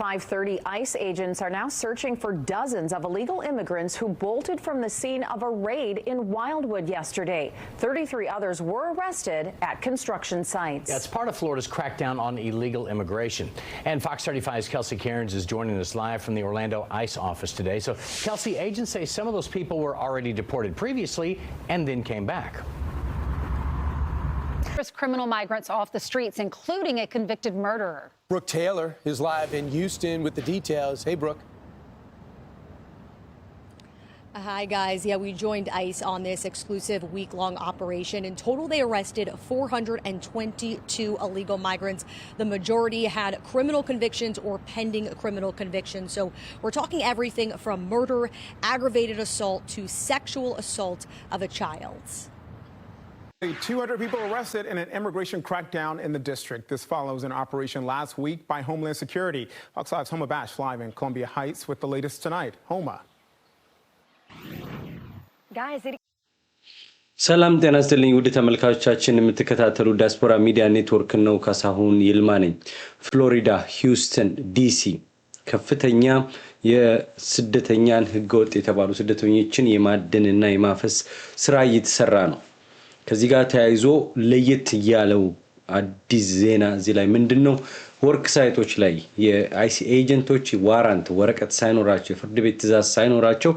5:30, ICE agents are now searching for dozens of illegal immigrants who bolted from the scene of a raid in Wildwood yesterday. 33 others were arrested at construction sites. That's yeah, part of Florida's crackdown on illegal immigration. And Fox 35's Kelsey Cairns is joining us live from the Orlando ICE office today. So, Kelsey, agents say some of those people were already deported previously and then came back criminal migrants off the streets, including a convicted murderer. Brooke Taylor is live in Houston with the details. Hey, Brooke. Hi, guys. Yeah, we joined ICE on this exclusive week long operation. In total, they arrested 422 illegal migrants. The majority had criminal convictions or pending criminal convictions. So we're talking everything from murder, aggravated assault to sexual assault of a child. 200 people arrested in an immigration crackdown in the district. This follows an operation last week by Homeland Security. Fox Live's Homa Bash live in Columbia Heights with the latest tonight. Homa. Guys, it ሰላም ጤና ይስጥልኝ ውድ ተመልካቾቻችን፣ የምትከታተሉ ዲያስፖራ ሚዲያ ኔትወርክ ነው። ካሳሁን ይልማ ነኝ። ፍሎሪዳ፣ ሂውስተን ዲሲ ከፍተኛ የስደተኛን ህገወጥ የተባሉ ስደተኞችን የማደንና የማፈስ ስራ እየተሰራ ነው። ከዚህ ጋር ተያይዞ ለየት ያለው አዲስ ዜና እዚህ ላይ ምንድን ነው? ወርክ ሳይቶች ላይ የአይሲ ኤጀንቶች ዋራንት ወረቀት ሳይኖራቸው የፍርድ ቤት ትዕዛዝ ሳይኖራቸው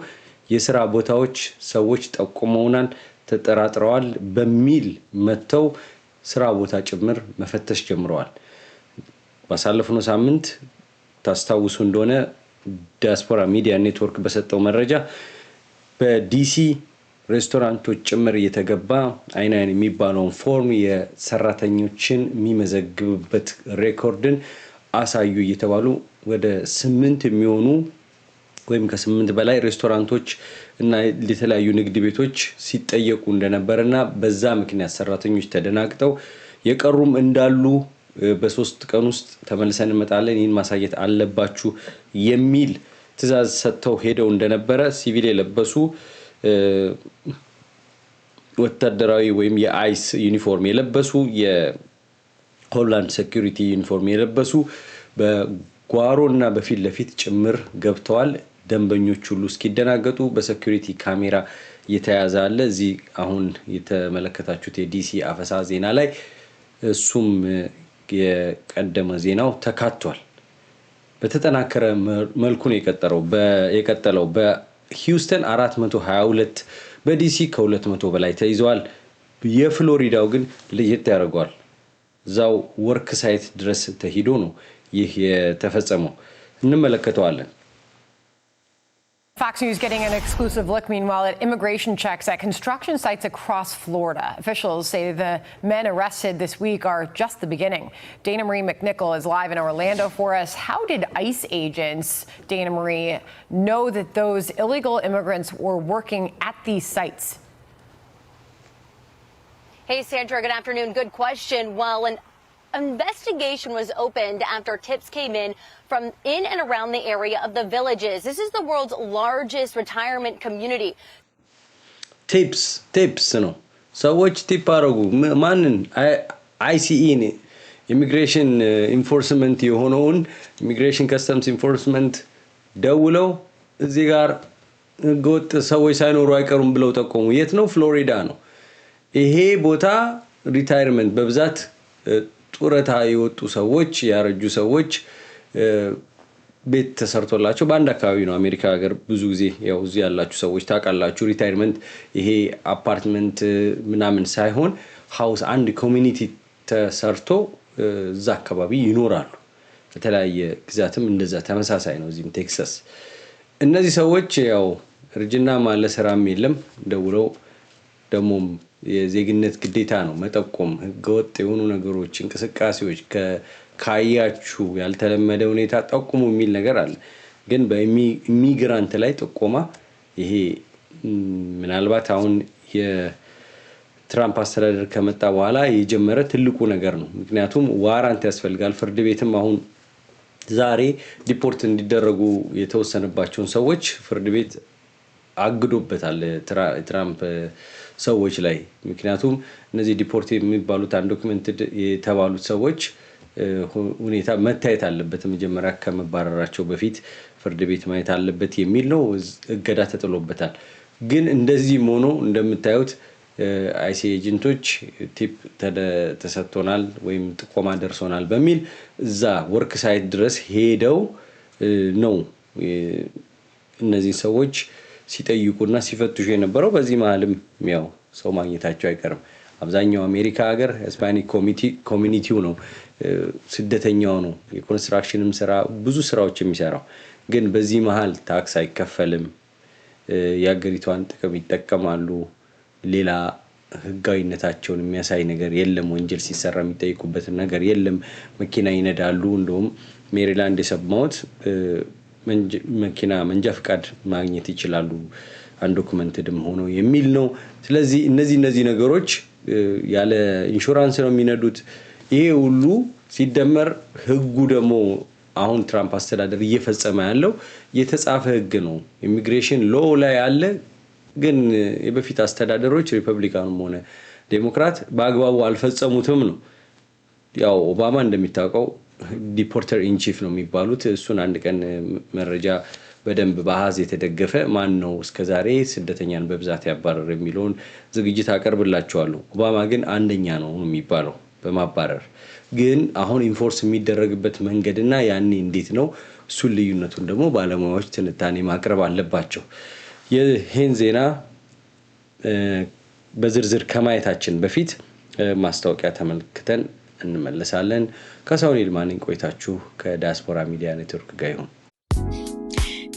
የስራ ቦታዎች ሰዎች ጠቁመውናል፣ ተጠራጥረዋል በሚል መጥተው ስራ ቦታ ጭምር መፈተሽ ጀምረዋል። ባሳለፍነው ሳምንት ታስታውሱ እንደሆነ ዲያስፖራ ሚዲያ ኔትወርክ በሰጠው መረጃ በዲሲ ሬስቶራንቶች ጭምር እየተገባ አይን አይን የሚባለውን ፎርም የሰራተኞችን የሚመዘግብበት ሬኮርድን አሳዩ እየተባሉ ወደ ስምንት የሚሆኑ ወይም ከስምንት በላይ ሬስቶራንቶች እና የተለያዩ ንግድ ቤቶች ሲጠየቁ እንደነበር እና በዛ ምክንያት ሰራተኞች ተደናግጠው የቀሩም እንዳሉ በሶስት ቀን ውስጥ ተመልሰን እንመጣለን፣ ይህን ማሳየት አለባችሁ የሚል ትዕዛዝ ሰጥተው ሄደው እንደነበረ ሲቪል የለበሱ ወታደራዊ ወይም የአይስ ዩኒፎርም የለበሱ የሆላንድ ሴኩሪቲ ዩኒፎርም የለበሱ በጓሮና በፊት ለፊት ጭምር ገብተዋል። ደንበኞች ሁሉ እስኪደናገጡ በሴኩሪቲ ካሜራ የተያዘ አለ። እዚህ አሁን የተመለከታችሁት የዲሲ አፈሳ ዜና ላይ እሱም የቀደመ ዜናው ተካቷል። በተጠናከረ መልኩ ነው የቀጠለው በ ሂውስተን 422 በዲሲ ከ200 በላይ ተይዘዋል። የፍሎሪዳው ግን ለየት ያደርገዋል። እዛው ወርክ ሳይት ድረስ ተሂዶ ነው ይህ የተፈጸመው። እንመለከተዋለን። Fox News getting an exclusive look, meanwhile, at immigration checks at construction sites across Florida. Officials say the men arrested this week are just the beginning. Dana Marie McNichol is live in Orlando for us. How did ICE agents, Dana Marie, know that those illegal immigrants were working at these sites? Hey, Sandra, good afternoon. Good question. Well, an investigation was opened after tips came in from in and around the area of the villages. This is the world's largest retirement community. ቲፕስ ቲፕስ ነው። ሰዎች ቲፕ አደረጉ። ማንን? አይሲኢ ኢሚግሬሽን ኢንፎርስመንት የሆነውን ኢሚግሬሽን ከስተምስ ኢንፎርስመንት ደውለው እዚህ ጋር ህገወጥ ሰዎች ሳይኖሩ አይቀሩም ብለው ጠቆሙ። የት ነው? ፍሎሪዳ ነው። ይሄ ቦታ ሪታይርመንት በብዛት ጡረታ የወጡ ሰዎች ያረጁ ሰዎች ቤት ተሰርቶላቸው በአንድ አካባቢ ነው አሜሪካ ሀገር ብዙ ጊዜ ያው እዚህ ያላችሁ ሰዎች ታውቃላችሁ። ሪታይርመንት ይሄ አፓርትመንት ምናምን ሳይሆን ሀውስ አንድ ኮሚኒቲ ተሰርቶ እዛ አካባቢ ይኖራሉ። በተለያየ ግዛትም እንደዛ ተመሳሳይ ነው። እዚህም ቴክሳስ እነዚህ ሰዎች ያው እርጅና ማለ ስራም የለም ደውለው ደግሞ የዜግነት ግዴታ ነው መጠቆም። ህገወጥ የሆኑ ነገሮች፣ እንቅስቃሴዎች ካያችሁ ያልተለመደ ሁኔታ ጠቁሙ የሚል ነገር አለ። ግን በኢሚግራንት ላይ ጥቆማ ይሄ ምናልባት አሁን የትራምፕ አስተዳደር ከመጣ በኋላ የጀመረ ትልቁ ነገር ነው። ምክንያቱም ዋራንት ያስፈልጋል። ፍርድ ቤትም አሁን ዛሬ ዲፖርት እንዲደረጉ የተወሰነባቸውን ሰዎች ፍርድ ቤት አግዶበታል ትራምፕ ሰዎች ላይ ምክንያቱም እነዚህ ዲፖርት የሚባሉት አንዶክመንትድ የተባሉት ሰዎች ሁኔታ መታየት አለበት። መጀመሪያ ከመባረራቸው በፊት ፍርድ ቤት ማየት አለበት የሚል ነው። እገዳ ተጥሎበታል። ግን እንደዚህም ሆኖ እንደምታዩት አይሲ ኤጀንቶች ቲፕ ተሰጥቶናል ወይም ጥቆማ ደርሶናል በሚል እዛ ወርክ ሳይት ድረስ ሄደው ነው እነዚህ ሰዎች ሲጠይቁና ሲፈትሹ የነበረው በዚህ መሀልም ያው ሰው ማግኘታቸው አይቀርም። አብዛኛው አሜሪካ ሀገር ስፓኒክ ኮሚኒቲው ነው ስደተኛው ነው የኮንስትራክሽንም ስራ ብዙ ስራዎች የሚሰራው ግን በዚህ መሀል ታክስ አይከፈልም። የሀገሪቷን ጥቅም ይጠቀማሉ። ሌላ ህጋዊነታቸውን የሚያሳይ ነገር የለም። ወንጀል ሲሰራ የሚጠይቁበት ነገር የለም። መኪና ይነዳሉ። እንደውም ሜሪላንድ የሰማሁት መኪና መንጃ ፍቃድ ማግኘት ይችላሉ አንዶክመንትድም ሆነው የሚል ነው። ስለዚህ እነዚህ እነዚህ ነገሮች ያለ ኢንሹራንስ ነው የሚነዱት። ይሄ ሁሉ ሲደመር ህጉ ደግሞ አሁን ትራምፕ አስተዳደር እየፈጸመ ያለው የተጻፈ ህግ ነው። ኢሚግሬሽን ሎ ላይ አለ ግን የበፊት አስተዳደሮች ሪፐብሊካኑም ሆነ ዴሞክራት በአግባቡ አልፈጸሙትም ነው። ያው ኦባማ እንደሚታወቀው ዲፖርተር ኢንቺፍ ነው የሚባሉት። እሱን አንድ ቀን መረጃ በደንብ በአሃዝ የተደገፈ ማን ነው እስከዛሬ ስደተኛን በብዛት ያባረር የሚለውን ዝግጅት አቀርብላቸዋለሁ። ኦባማ ግን አንደኛ ነው የሚባለው በማባረር ግን አሁን ኢንፎርስ የሚደረግበት መንገድና ያኔ እንዴት ነው እሱን ልዩነቱን ደግሞ ባለሙያዎች ትንታኔ ማቅረብ አለባቸው። ይህን ዜና በዝርዝር ከማየታችን በፊት ማስታወቂያ ተመልክተን እንመለሳለን። ከሳውን ልማንን ቆይታችሁ ከዲያስፖራ ሚዲያ ኔትወርክ ጋር ይሁን።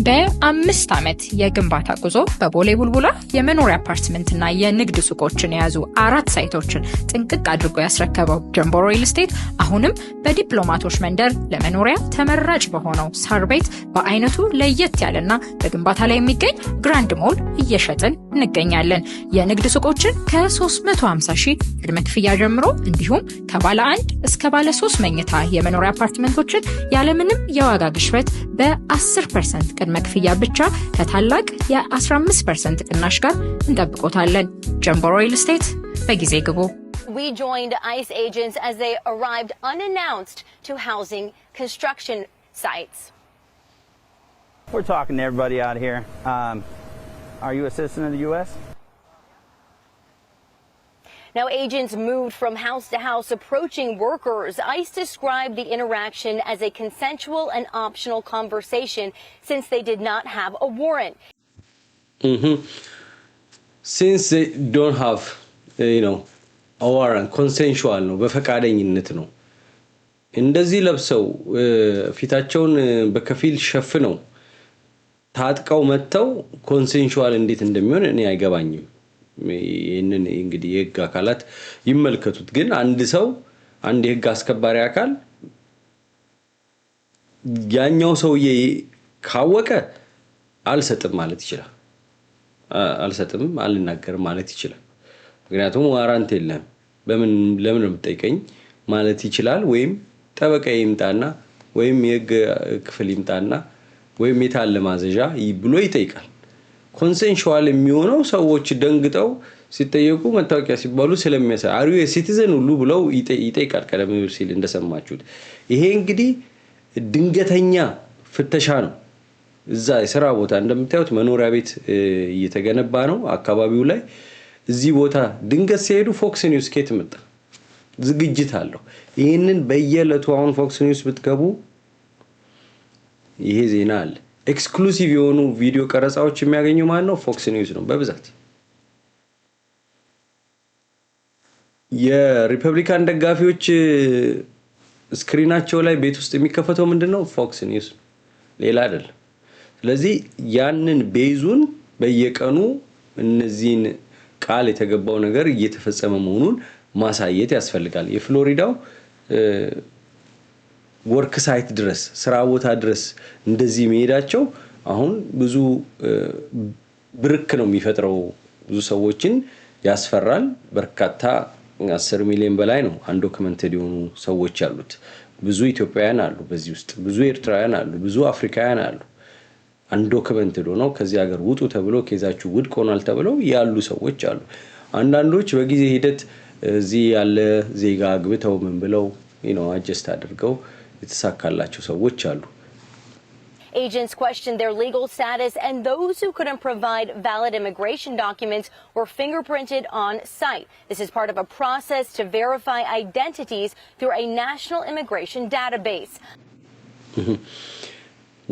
በአምስት ዓመት የግንባታ ጉዞ በቦሌ ቡልቡላ የመኖሪያ አፓርትመንትና የንግድ ሱቆችን የያዙ አራት ሳይቶችን ጥንቅቅ አድርጎ ያስረከበው ጀምቦ ሪል ስቴት አሁንም በዲፕሎማቶች መንደር ለመኖሪያ ተመራጭ በሆነው ሳር ቤት በአይነቱ ለየት ያለና በግንባታ ላይ የሚገኝ ግራንድ ሞል እየሸጥን እንገኛለን። የንግድ ሱቆችን ከ350 ሺህ ቅድመ ክፍያ ጀምሮ እንዲሁም ከባለ አንድ እስከ ባለ ሶስት መኝታ የመኖሪያ አፓርትመንቶችን ያለምንም የዋጋ ግሽበት በ10 ፐርሰንት ቅድመ ክፍያ ብቻ ከታላቅ የ15 ፐርሰንት ቅናሽ ጋር እንጠብቆታለን። ጀምቦ ሪል ስቴት በጊዜ ግቡ። We joined ICE agents as they arrived unannounced to housing construction sites. We're talking to everybody out here. Um, are you a citizen of the U.S.? Now, agents moved from house to house approaching workers. ICE described the interaction as a consensual and optional conversation since they did not have a warrant. Mm-hmm. Since they don't have, uh, you know, a warrant, consensual ነው በፈቃደኝነት ነው። እንደዚህ ለብሰው uh, ፊታቸውን uh, በከፊል ሸፍነው ታጥቀው መጥተው ኮንሴንሹዋል እንዴት እንደሚሆን እኔ አይገባኝም። ይህንን እንግዲህ የህግ አካላት ይመልከቱት። ግን አንድ ሰው አንድ የህግ አስከባሪ አካል ያኛው ሰውዬ ካወቀ አልሰጥም ማለት ይችላል። አልሰጥም አልናገርም ማለት ይችላል። ምክንያቱም ዋራንት የለም በምን ለምን ነው የምጠይቀኝ ማለት ይችላል። ወይም ጠበቃ ይምጣና ወይም የህግ ክፍል ይምጣና ወይም የታለ ማዘዣ ብሎ ይጠይቃል። ኮንሴንሽዋል የሚሆነው ሰዎች ደንግጠው ሲጠየቁ መታወቂያ ሲባሉ ስለሚያሳ አሪ ሲቲዘን ሁሉ ብለው ይጠይቃል። ቀደም ሲል እንደሰማችሁት ይሄ እንግዲህ ድንገተኛ ፍተሻ ነው። እዛ የስራ ቦታ እንደምታዩት መኖሪያ ቤት እየተገነባ ነው አካባቢው ላይ። እዚህ ቦታ ድንገት ሲሄዱ ፎክስ ኒውስ ኬት መጣ ዝግጅት አለው። ይህንን በየዕለቱ አሁን ፎክስ ኒውስ ብትገቡ ይሄ ዜና አለ። ኤክስክሉሲቭ የሆኑ ቪዲዮ ቀረጻዎች የሚያገኙ ማን ነው? ፎክስ ኒውስ ነው በብዛት የሪፐብሊካን ደጋፊዎች ስክሪናቸው ላይ ቤት ውስጥ የሚከፈተው ምንድን ነው? ፎክስ ኒውስ ነው፣ ሌላ አይደለም። ስለዚህ ያንን ቤዙን በየቀኑ እነዚህን ቃል የተገባው ነገር እየተፈጸመ መሆኑን ማሳየት ያስፈልጋል። የፍሎሪዳው ወርክ ሳይት ድረስ ስራ ቦታ ድረስ እንደዚህ መሄዳቸው አሁን ብዙ ብርክ ነው የሚፈጥረው። ብዙ ሰዎችን ያስፈራል። በርካታ አስር ሚሊዮን በላይ ነው አንዶክመንትድ የሆኑ ሰዎች ያሉት። ብዙ ኢትዮጵያውያን አሉ በዚህ ውስጥ፣ ብዙ ኤርትራውያን አሉ፣ ብዙ አፍሪካውያን አሉ። አንዶክመንትድ ሆነው ከዚህ ሀገር ውጡ ተብሎ ኬዛችሁ ውድቅ ሆኗል ተብለው ያሉ ሰዎች አሉ። አንዳንዶች በጊዜ ሂደት እዚህ ያለ ዜጋ አግብተው ምን ብለው አጀስት አድርገው የተሳካላቸው ሰዎች አሉ። Agents questioned their legal status, and those who couldn't provide valid immigration documents were fingerprinted on site. This is part of a process to verify identities through a national immigration database.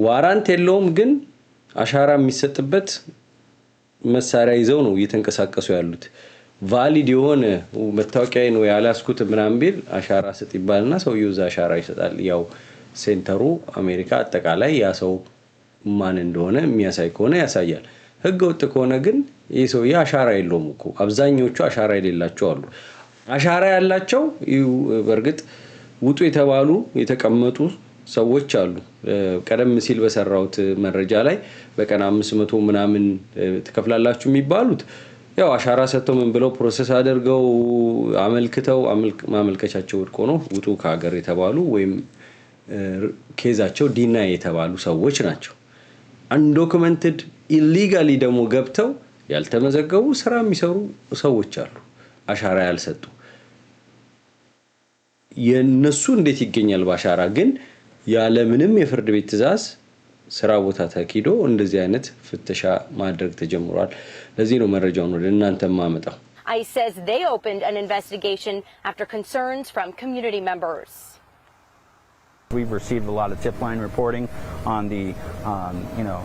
ዋራንት የለውም ግን አሻራ የሚሰጥበት መሳሪያ ይዘው ነው እየተንቀሳቀሱ ያሉት። ቫሊድ የሆነ መታወቂያ ነው ያላስኩት ምናም ቢል አሻራ ስጥ ይባልና ሰውዬው እዛ አሻራ ይሰጣል። ያው ሴንተሩ አሜሪካ አጠቃላይ ያ ሰው ማን እንደሆነ የሚያሳይ ከሆነ ያሳያል። ህገ ወጥ ከሆነ ግን ይህ ሰውዬ አሻራ የለውም እኮ። አብዛኞቹ አሻራ የሌላቸው አሉ። አሻራ ያላቸው በእርግጥ ውጡ የተባሉ የተቀመጡ ሰዎች አሉ። ቀደም ሲል በሰራሁት መረጃ ላይ በቀን አምስት መቶ ምናምን ትከፍላላችሁ የሚባሉት ያው አሻራ ሰጥተው ምን ብለው ፕሮሰስ አድርገው አመልክተው ማመልከቻቸው ወድቆ ነው ውጡ ከሀገር የተባሉ ወይም ኬዛቸው ዲና የተባሉ ሰዎች ናቸው። አንዶክመንትድ ኢሊጋሊ ደግሞ ገብተው ያልተመዘገቡ ስራ የሚሰሩ ሰዎች አሉ፣ አሻራ ያልሰጡ የእነሱ እንዴት ይገኛል? በአሻራ ግን ያለምንም የፍርድ ቤት ትዕዛዝ ስራ ቦታ ተኪዶ እንደዚህ አይነት ፍተሻ ማድረግ ተጀምሯል። ለዚህ ነው መረጃውን ወደ እናንተ ማመጣው። ICE says they opened an investigation after concerns from community members. We've received a lot of tip line reporting on the, um, you know,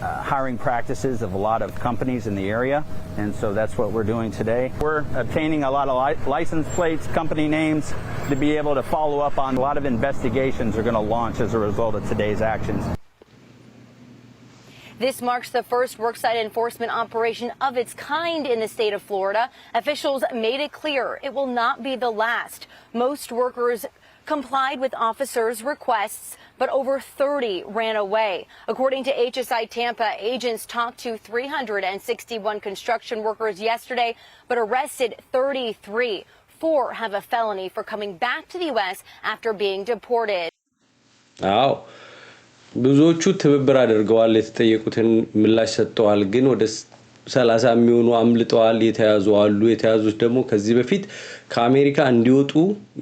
Uh, hiring practices of a lot of companies in the area, and so that's what we're doing today. We're obtaining a lot of li license plates, company names, to be able to follow up on a lot of investigations are going to launch as a result of today's actions. This marks the first worksite enforcement operation of its kind in the state of Florida. Officials made it clear it will not be the last. Most workers complied with officers' requests, but over 30 ran away. According to HSI Tampa, agents talked to 361 construction workers yesterday, but arrested 33. Four have a felony for coming back to the U.S. after being deported. Oh. ብዙዎቹ ትብብር አድርገዋል፣ የተጠየቁትን ምላሽ ሰጥተዋል። ግን ወደ ሰላሳ የሚሆኑ አምልጠዋል፣ የተያዙ አሉ። የተያዙት ደግሞ ከዚህ በፊት ከአሜሪካ እንዲወጡ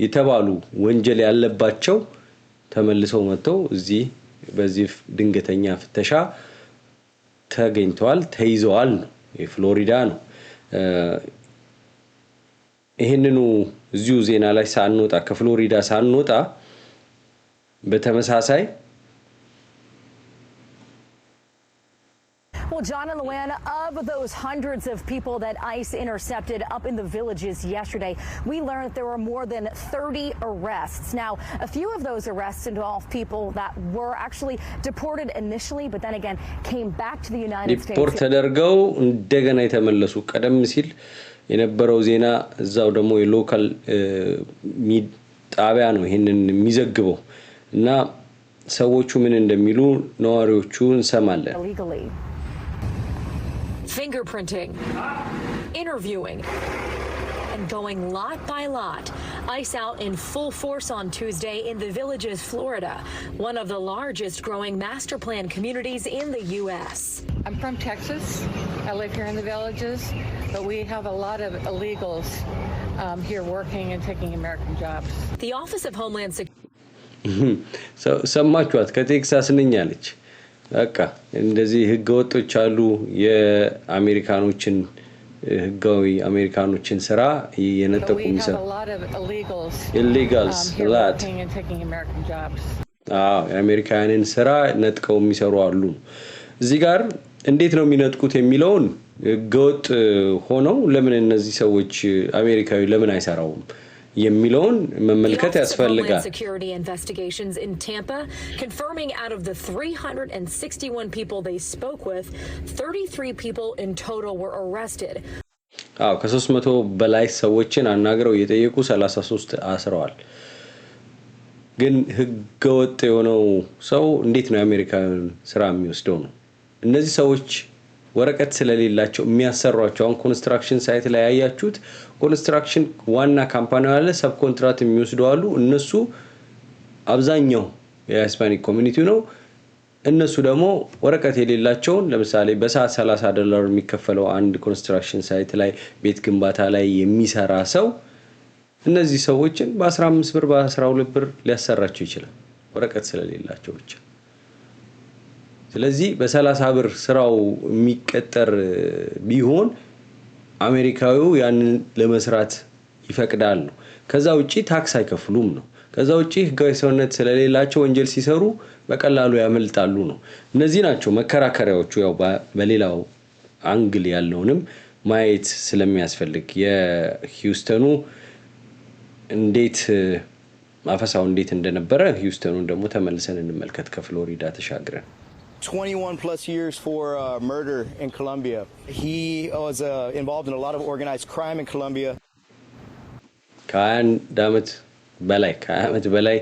የተባሉ ወንጀል ያለባቸው ተመልሰው መጥተው እዚህ በዚህ ድንገተኛ ፍተሻ ተገኝተዋል፣ ተይዘዋል። ነው የፍሎሪዳ ነው። ይህንኑ እዚሁ ዜና ላይ ሳንወጣ ከፍሎሪዳ ሳንወጣ በተመሳሳይ Well, John and Luann, of those hundreds of people that ICE intercepted up in the villages yesterday, we learned there were more than 30 arrests. Now, a few of those arrests involved people that were actually deported initially, but then again came back to the United States. ሪፖርት ተደርገው እንደገና የተመለሱ ቀደም ሲል የነበረው ዜና እዛው ደግሞ የሎካል ጣቢያ ነው ይህንን የሚዘግበው እና ሰዎቹ ምን እንደሚሉ ነዋሪዎቹ እንሰማለን። fingerprinting, interviewing, and going lot by lot. Ice out in full force on Tuesday in the Villages, Florida, one of the largest growing master plan communities in the U.S. I'm from Texas. I live here in the Villages, but we have a lot of illegals um, here working and taking American jobs. The Office of Homeland Security. ሰማችኋት ከቴክሳስ ነኝ አለች በቃ እንደዚህ ህገ ወጦች አሉ። የአሜሪካኖችን ህጋዊ አሜሪካኖችን ስራ የነጠቁ የሚሰሩ ኢሊጋልስ ላት የአሜሪካውያንን ስራ ነጥቀው የሚሰሩ አሉ። እዚህ ጋር እንዴት ነው የሚነጥቁት የሚለውን ህገወጥ ሆነው ለምን እነዚህ ሰዎች አሜሪካዊ ለምን አይሰራውም የሚለውን መመልከት ያስፈልጋል። አዎ ከሶስት መቶ በላይ ሰዎችን አናግረው እየጠየቁ 33 አስረዋል። ግን ህገወጥ የሆነው ሰው እንዴት ነው የአሜሪካን ስራ የሚወስደው ነው? እነዚህ ሰዎች ወረቀት ስለሌላቸው የሚያሰሯቸው አሁን ኮንስትራክሽን ሳይት ላይ ያያችሁት ኮንስትራክሽን ዋና ካምፓኒ አለ፣ ሰብ ኮንትራት የሚወስዱ አሉ። እነሱ አብዛኛው የሂስፓኒክ ኮሚኒቲ ነው። እነሱ ደግሞ ወረቀት የሌላቸውን ለምሳሌ በሰዓት 30 ዶላር የሚከፈለው አንድ ኮንስትራክሽን ሳይት ላይ ቤት ግንባታ ላይ የሚሰራ ሰው እነዚህ ሰዎችን በ15 ብር በ12 ብር ሊያሰራቸው ይችላል፣ ወረቀት ስለሌላቸው ብቻ። ስለዚህ በሰላሳ ብር ስራው የሚቀጠር ቢሆን አሜሪካዊው ያንን ለመስራት ይፈቅዳል ነው። ከዛ ውጭ ታክስ አይከፍሉም ነው። ከዛ ውጭ ህጋዊ ሰውነት ስለሌላቸው ወንጀል ሲሰሩ በቀላሉ ያመልጣሉ ነው። እነዚህ ናቸው መከራከሪያዎቹ። ያው በሌላው አንግል ያለውንም ማየት ስለሚያስፈልግ የሂውስተኑ እንዴት ማፈሳው እንዴት እንደነበረ ሂውስተኑን ደግሞ ተመልሰን እንመልከት ከፍሎሪዳ ተሻግረን 21 plus years for uh, murder in Colombia. He was uh, involved in a lot of organized crime in Colombia. ከአንድ ዓመት በላይ ከዓመት በላይ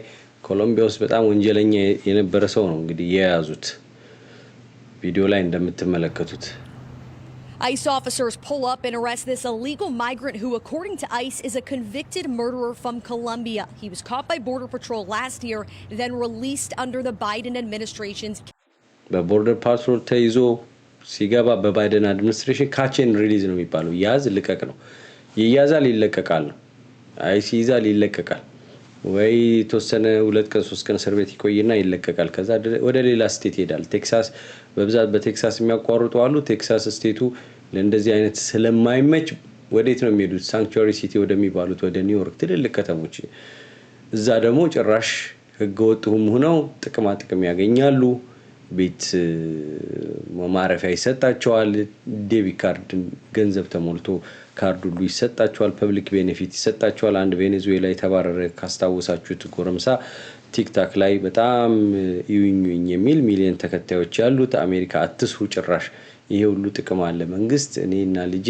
ኮሎምቢያ ውስጥ በጣም ወንጀለኛ የነበረ ሰው ነው እንግዲህ የያዙት ቪዲዮ ላይ እንደምትመለከቱት ICE officers pull up and arrest this illegal migrant who, according to ICE, is a convicted murderer from Colombia. He was caught by Border Patrol last year, then released under the Biden administration's በቦርደር ፓስፖርት ተይዞ ሲገባ በባይደን አድሚኒስትሬሽን ካቼን ሪሊዝ ነው የሚባለው። ያዝ ልቀቅ ነው። ይያዛል፣ ይለቀቃል ነው። አይሲ ይዛል፣ ይለቀቃል ወይ የተወሰነ ሁለት ቀን ሶስት ቀን እስር ቤት ይቆይና ይለቀቃል። ከዛ ወደ ሌላ ስቴት ይሄዳል። ቴክሳስ በብዛት በቴክሳስ የሚያቋርጡ አሉ። ቴክሳስ ስቴቱ ለእንደዚህ አይነት ስለማይመች ወዴት ነው የሚሄዱት? ሳንክቹዋሪ ሲቲ ወደሚባሉት ወደ ኒውዮርክ ትልልቅ ከተሞች። እዛ ደግሞ ጭራሽ ህገወጥሁም ሁነው ጥቅማ ጥቅም ያገኛሉ። ቤት ማረፊያ ይሰጣቸዋል። ዴቢት ካርድ ገንዘብ ተሞልቶ ካርድ ሁሉ ይሰጣቸዋል። ፐብሊክ ቤኔፊት ይሰጣቸዋል። አንድ ቬኔዙዌላ የተባረረ ካስታወሳችሁት ጎረምሳ ቲክታክ ላይ በጣም ይውኙኝ የሚል ሚሊዮን ተከታዮች ያሉት አሜሪካ አትስሩ ጭራሽ ይሄ ሁሉ ጥቅም አለ መንግስት፣ እኔና ልጄ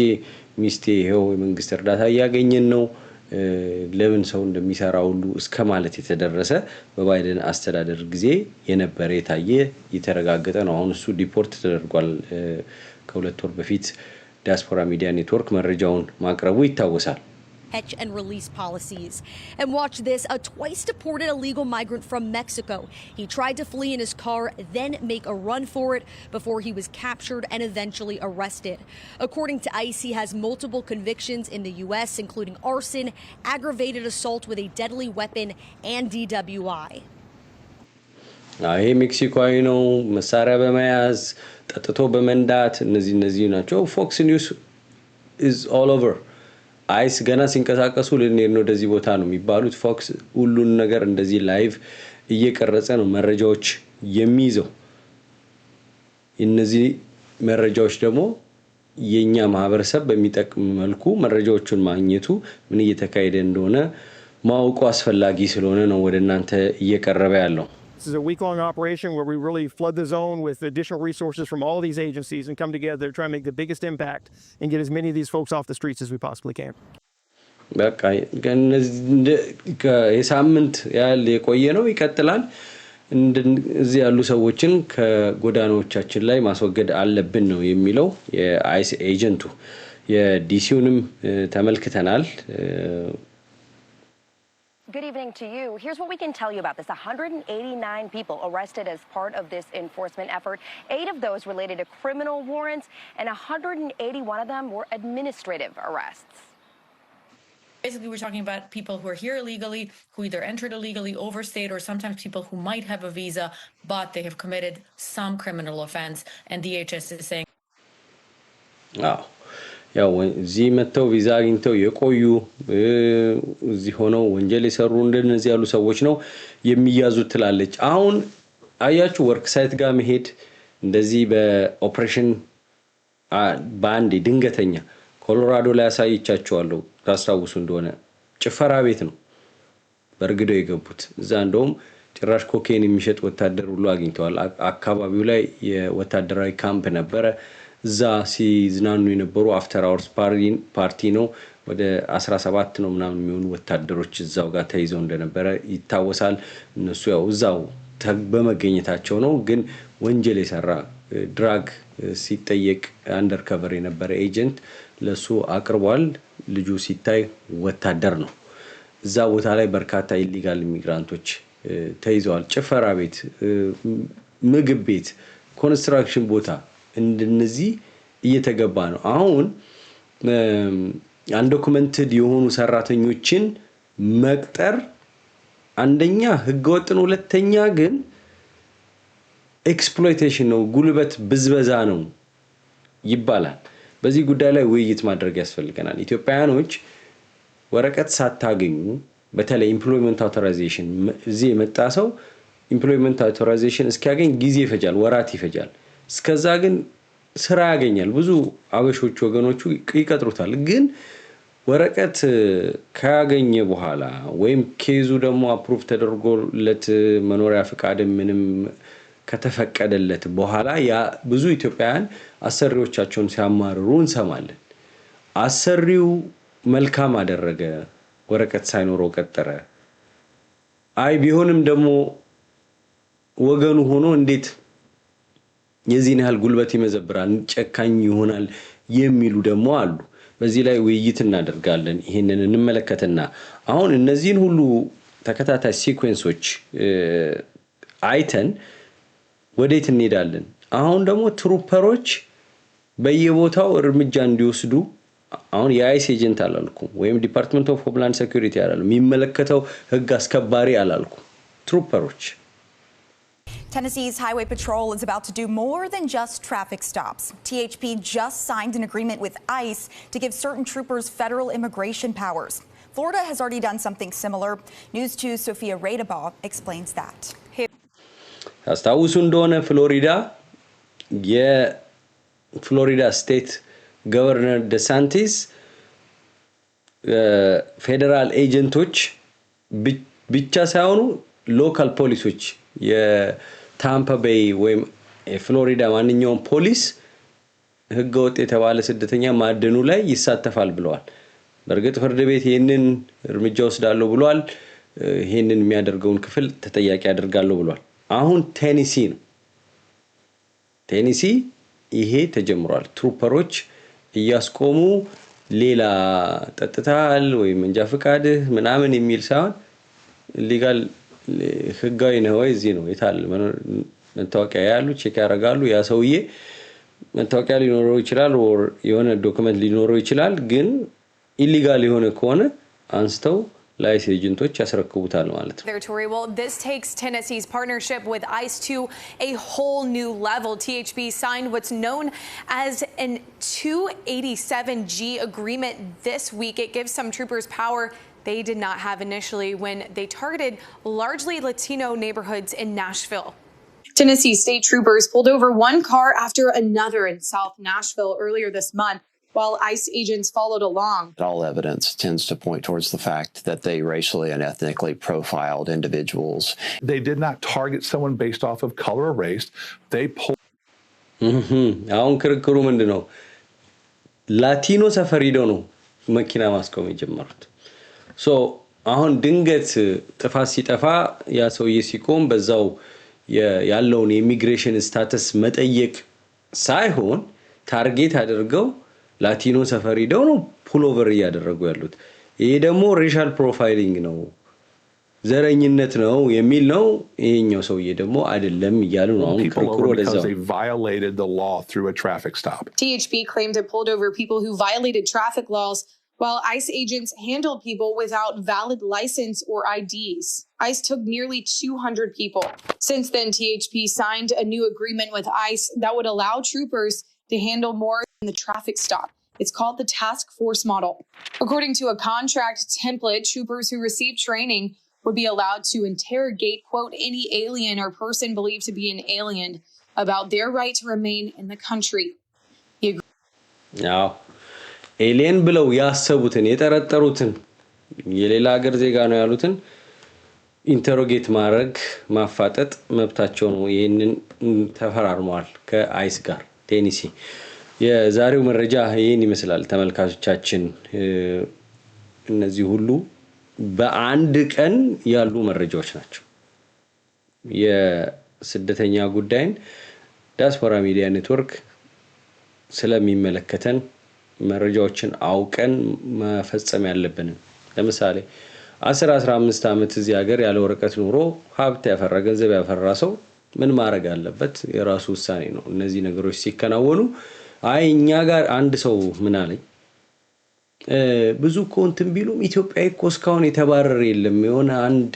ሚስቴ ይሄው የመንግስት እርዳታ እያገኘን ነው ለምን ሰው እንደሚሰራ ሁሉ እስከ ማለት የተደረሰ በባይደን አስተዳደር ጊዜ የነበረ የታየ የተረጋገጠ ነው። አሁን እሱ ዲፖርት ተደርጓል። ከሁለት ወር በፊት ዲያስፖራ ሚዲያ ኔትወርክ መረጃውን ማቅረቡ ይታወሳል። catch and release policies. And watch this a twice deported illegal migrant from Mexico. He tried to flee in his car, then make a run for it before he was captured and eventually arrested. According to ICE, he has multiple convictions in the U.S., including arson, aggravated assault with a deadly weapon, and DWI. ይሄ ሜክሲኮዊ ነው፣ መሳሪያ በመያዝ ጠጥቶ በመንዳት እነዚህ እነዚህ ናቸው። ፎክስ ኒውስ ኢዝ ኦል ኦቨር አይስ ገና ሲንቀሳቀሱ ልንሄድ ነው ወደዚህ ቦታ ነው የሚባሉት። ፎክስ ሁሉን ነገር እንደዚህ ላይቭ እየቀረጸ ነው መረጃዎች የሚይዘው። እነዚህ መረጃዎች ደግሞ የእኛ ማህበረሰብ በሚጠቅም መልኩ መረጃዎቹን ማግኘቱ ምን እየተካሄደ እንደሆነ ማወቁ አስፈላጊ ስለሆነ ነው ወደ እናንተ እየቀረበ ያለው። This is a week-long operation where we really flood the zone with additional resources from all these agencies and come together to try and make the biggest impact and get as many of these folks off the streets as we possibly can. በቃ የሳምንት ያህል የቆየ ነው፣ ይቀጥላል። እዚህ ያሉ ሰዎችን ከጎዳናዎቻችን ላይ ማስወገድ አለብን ነው የሚለው የአይስ ኤጀንቱ። የዲሲውንም ተመልክተናል። Good evening to you. Here's what we can tell you about this. 189 people arrested as part of this enforcement effort. Eight of those related to criminal warrants, and 181 of them were administrative arrests. Basically, we're talking about people who are here illegally, who either entered illegally, overstayed, or sometimes people who might have a visa, but they have committed some criminal offense. And DHS is saying. Oh. ያው እዚህ መጥተው ቪዛ አግኝተው የቆዩ እዚህ ሆነው ወንጀል የሰሩ እንደነዚህ ያሉ ሰዎች ነው የሚያዙት ትላለች። አሁን አያችሁ ወርክ ሳይት ጋር መሄድ እንደዚህ በኦፕሬሽን በአንዴ ድንገተኛ ኮሎራዶ ላይ ያሳይቻቸዋለሁ ታስታውሱ እንደሆነ ጭፈራ ቤት ነው በእርግደው የገቡት። እዛ እንደውም ጭራሽ ኮኬን የሚሸጥ ወታደር ሁሉ አግኝተዋል። አካባቢው ላይ የወታደራዊ ካምፕ ነበረ። እዛ ሲዝናኑ የነበሩ አፍተር አወርስ ፓርቲ ነው። ወደ 17 ነው ምናምን የሚሆኑ ወታደሮች እዛው ጋር ተይዘው እንደነበረ ይታወሳል። እነሱ ያው እዛው በመገኘታቸው ነው። ግን ወንጀል የሰራ ድራግ ሲጠየቅ አንደርከቨር የነበረ ኤጀንት ለሱ አቅርቧል። ልጁ ሲታይ ወታደር ነው። እዛ ቦታ ላይ በርካታ ኢሊጋል ኢሚግራንቶች ተይዘዋል። ጭፈራ ቤት፣ ምግብ ቤት፣ ኮንስትራክሽን ቦታ እንደነዚህ እየተገባ ነው። አሁን አንዶክመንትድ የሆኑ ሰራተኞችን መቅጠር አንደኛ ህገወጥ ነው፣ ሁለተኛ ግን ኤክስፕሎይቴሽን ነው፣ ጉልበት ብዝበዛ ነው ይባላል። በዚህ ጉዳይ ላይ ውይይት ማድረግ ያስፈልገናል። ኢትዮጵያውያኖች ወረቀት ሳታገኙ በተለይ ኢምፕሎይመንት አውቶራይዜሽን እዚህ የመጣ ሰው ኢምፕሎይመንት አውቶራይዜሽን እስኪያገኝ ጊዜ ይፈጃል፣ ወራት ይፈጃል። እስከዛ ግን ስራ ያገኛል። ብዙ አበሾች ወገኖቹ ይቀጥሩታል። ግን ወረቀት ካገኘ በኋላ ወይም ኬዙ ደግሞ አፕሩቭ ተደርጎለት መኖሪያ ፍቃድም ምንም ከተፈቀደለት በኋላ ያ ብዙ ኢትዮጵያውያን አሰሪዎቻቸውን ሲያማርሩ እንሰማለን። አሰሪው መልካም አደረገ፣ ወረቀት ሳይኖረው ቀጠረ። አይ ቢሆንም ደግሞ ወገኑ ሆኖ እንዴት የዚህን ያህል ጉልበት ይመዘብራል፣ ጨካኝ ይሆናል የሚሉ ደግሞ አሉ። በዚህ ላይ ውይይት እናደርጋለን። ይህንን እንመለከትና አሁን እነዚህን ሁሉ ተከታታይ ሲኩዌንሶች አይተን ወዴት እንሄዳለን? አሁን ደግሞ ትሩፐሮች በየቦታው እርምጃ እንዲወስዱ አሁን የአይስ ኤጀንት አላልኩም፣ ወይም ዲፓርትመንት ኦፍ ሆምላንድ ሴኩሪቲ አላልኩም፣ የሚመለከተው ህግ አስከባሪ አላልኩም። ትሩፐሮች Tennessee's Highway Patrol is about to do more than just traffic stops. THP just signed an agreement with ICE to give certain troopers federal immigration powers. Florida has already done something similar. News 2's Sophia Radabaugh explains that. ታስታውሱ እንደሆነ ፍሎሪዳ የፍሎሪዳ ስቴት ገቨርነር ደሳንቲስ ፌዴራል ኤጀንቶች ብቻ ሳይሆኑ ሎካል ፖሊሶች የታምፓ ቤይ ወይም የፍሎሪዳ ማንኛውም ፖሊስ ህገወጥ የተባለ ስደተኛ ማደኑ ላይ ይሳተፋል ብለዋል። በእርግጥ ፍርድ ቤት ይህንን እርምጃ ወስዳለሁ ብሏል። ይህንን የሚያደርገውን ክፍል ተጠያቂ ያደርጋለሁ ብሏል። አሁን ቴኒሲ ነው። ቴኒሲ ይሄ ተጀምሯል። ትሩፐሮች እያስቆሙ ሌላ ጠጥታል ወይም መንጃ ፍቃድህ ምናምን የሚል ሳይሆን ሊጋል ህጋዊ ነህ ወይ እዚህ ነው የታል መታወቂያ ያሉ ቼክ ያደርጋሉ። ያ ሰውዬ መታወቂያ ሊኖረው ይችላል፣ ወር የሆነ ዶክመንት ሊኖረው ይችላል። ግን ኢሊጋል የሆነ ከሆነ አንስተው ላይስ ኤጀንቶች ያስረክቡታል ማለት ነው። ቴነሲ they did not have initially when they targeted largely Latino neighborhoods in Nashville. Tennessee state troopers pulled over one car after another in South Nashville earlier this month while ICE agents followed along. All evidence tends to point towards the fact that they racially and ethnically profiled individuals. They did not target someone based off of color or race. They pulled. አሁን ክርክሩ ምንድን ነው? Latino ሰፈር ሂደው ነው መኪና ማስቆም የጀመሩት። አሁን ድንገት ጥፋት ሲጠፋ ያ ሰውዬ ሲቆም በዛው ያለውን የኢሚግሬሽን ስታተስ መጠየቅ ሳይሆን ታርጌት አድርገው ላቲኖ ሰፈር ሂደው ነው ፑሎቨር እያደረጉ ያሉት። ይሄ ደግሞ ሬሻል ፕሮፋይሊንግ ነው፣ ዘረኝነት ነው የሚል ነው። ይሄኛው ሰውዬ ደግሞ አይደለም እያሉ ነው። አሁን ክርክሩ ወደዛው while ICE agents handled people without valid license or IDs. ICE took nearly 200 people. Since then, THP signed a new agreement with ICE that would allow troopers to handle more than the traffic stop. It's called the task force model. According to a contract template, troopers who receive training would be allowed to interrogate, quote, any alien or person believed to be an alien about their right to remain in the country. no, ኤሊየን ብለው ያሰቡትን የጠረጠሩትን የሌላ ሀገር ዜጋ ነው ያሉትን ኢንተሮጌት ማድረግ ማፋጠጥ መብታቸው ነው። ይህንን ተፈራርመዋል ከአይስ ጋር ቴኒሲ። የዛሬው መረጃ ይህን ይመስላል ተመልካቾቻችን። እነዚህ ሁሉ በአንድ ቀን ያሉ መረጃዎች ናቸው። የስደተኛ ጉዳይን ዲያስፖራ ሚዲያ ኔትወርክ ስለሚመለከተን መረጃዎችን አውቀን መፈጸም ያለብን ለምሳሌ አስር አስራ አምስት ዓመት እዚህ ሀገር ያለ ወረቀት ኑሮ ሀብት ያፈራ ገንዘብ ያፈራ ሰው ምን ማድረግ አለበት? የራሱ ውሳኔ ነው። እነዚህ ነገሮች ሲከናወኑ አይ እኛ ጋር አንድ ሰው ምን አለኝ ብዙ እኮ እንትን ቢሉም ኢትዮጵያ እኮ እስካሁን የተባረረ የለም። የሆነ አንድ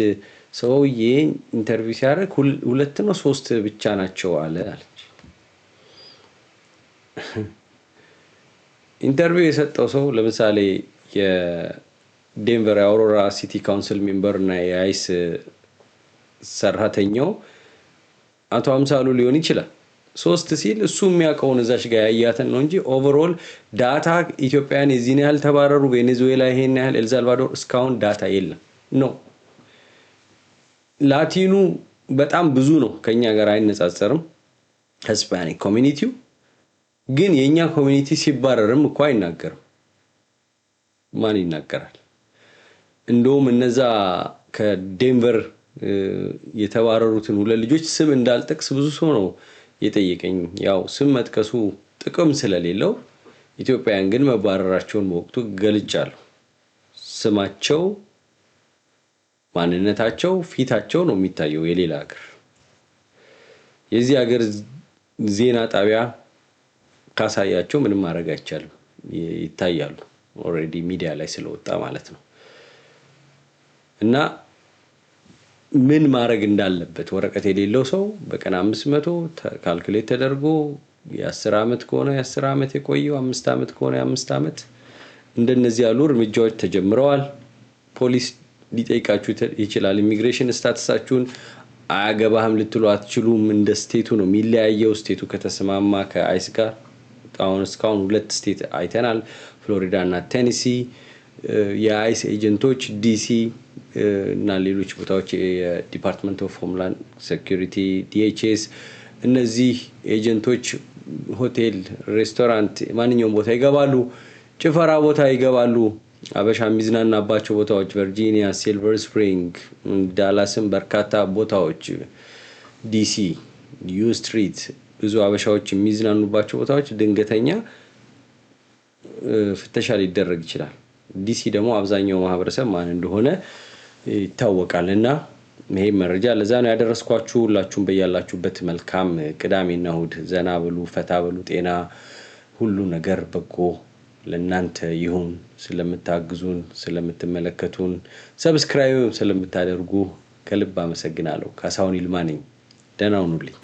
ሰውዬ ኢንተርቪው ሲያደርግ ሁለት ነው ሶስት ብቻ ናቸው አለ አለች። ኢንተርቪው የሰጠው ሰው ለምሳሌ የዴንቨር የአውሮራ ሲቲ ካውንስል ሜምበር እና የአይስ ሰራተኛው አቶ አምሳሉ ሊሆን ይችላል። ሶስት ሲል እሱ የሚያውቀውን እዛች ጋር ያያትን ነው እንጂ ኦቨርኦል ዳታ ኢትዮጵያን የዚህን ያህል ተባረሩ፣ ቬኔዙዌላ ይሄን ያህል፣ ኤልሳልቫዶር እስካሁን ዳታ የለም ነው። ላቲኑ በጣም ብዙ ነው፣ ከኛ ጋር አይነጻጸርም። ሂስፓኒክ ኮሚኒቲው ግን የእኛ ኮሚኒቲ ሲባረርም እኮ አይናገርም። ማን ይናገራል? እንደውም እነዛ ከዴንቨር የተባረሩትን ሁለት ልጆች ስም እንዳልጠቅስ ብዙ ሰው ነው የጠየቀኝ። ያው ስም መጥቀሱ ጥቅም ስለሌለው ኢትዮጵያውያን ግን መባረራቸውን በወቅቱ ገልጫለሁ። ስማቸው፣ ማንነታቸው፣ ፊታቸው ነው የሚታየው የሌላ ሀገር የዚህ ሀገር ዜና ጣቢያ ካሳያቸው ምንም ማድረግ አይቻልም፣ ይታያሉ። ኦልሬዲ ሚዲያ ላይ ስለወጣ ማለት ነው። እና ምን ማድረግ እንዳለበት ወረቀት የሌለው ሰው በቀን አምስት መቶ ካልኩሌት ተደርጎ የአስር ዓመት ከሆነ የአስር ዓመት የቆየው አምስት ዓመት ከሆነ የአምስት ዓመት እንደነዚህ ያሉ እርምጃዎች ተጀምረዋል። ፖሊስ ሊጠይቃችሁ ይችላል። ኢሚግሬሽን ስታትሳችሁን አያገባህም ልትሉ አትችሉም። እንደ ስቴቱ ነው የሚለያየው። ስቴቱ ከተስማማ ከአይስ ጋር እስካሁን እስካሁን ሁለት ስቴት አይተናል፣ ፍሎሪዳ እና ቴኒሲ። የአይስ ኤጀንቶች ዲሲ እና ሌሎች ቦታዎች የዲፓርትመንት ኦፍ ሆምላንድ ሴኩሪቲ ዲኤችኤስ፣ እነዚህ ኤጀንቶች ሆቴል፣ ሬስቶራንት፣ ማንኛውም ቦታ ይገባሉ፣ ጭፈራ ቦታ ይገባሉ። አበሻ የሚዝናናባቸው ቦታዎች ቨርጂኒያ፣ ሲልቨር ስፕሪንግ፣ ዳላስን፣ በርካታ ቦታዎች ዲሲ ዩ ስትሪት ብዙ አበሻዎች የሚዝናኑባቸው ቦታዎች ድንገተኛ ፍተሻ ሊደረግ ይችላል። ዲሲ ደግሞ አብዛኛው ማህበረሰብ ማን እንደሆነ ይታወቃል እና ይሄ መረጃ ለዛ ነው ያደረስኳችሁ። ሁላችሁም በያላችሁበት መልካም ቅዳሜና እሁድ ዘና በሉ፣ ፈታ በሉ። ጤና፣ ሁሉ ነገር በጎ ለእናንተ ይሁን። ስለምታግዙን፣ ስለምትመለከቱን፣ ሰብስክራይብ ስለምታደርጉ ከልብ አመሰግናለሁ። ካሳሁን ይልማ ነኝ። ደህና ሁኑልኝ።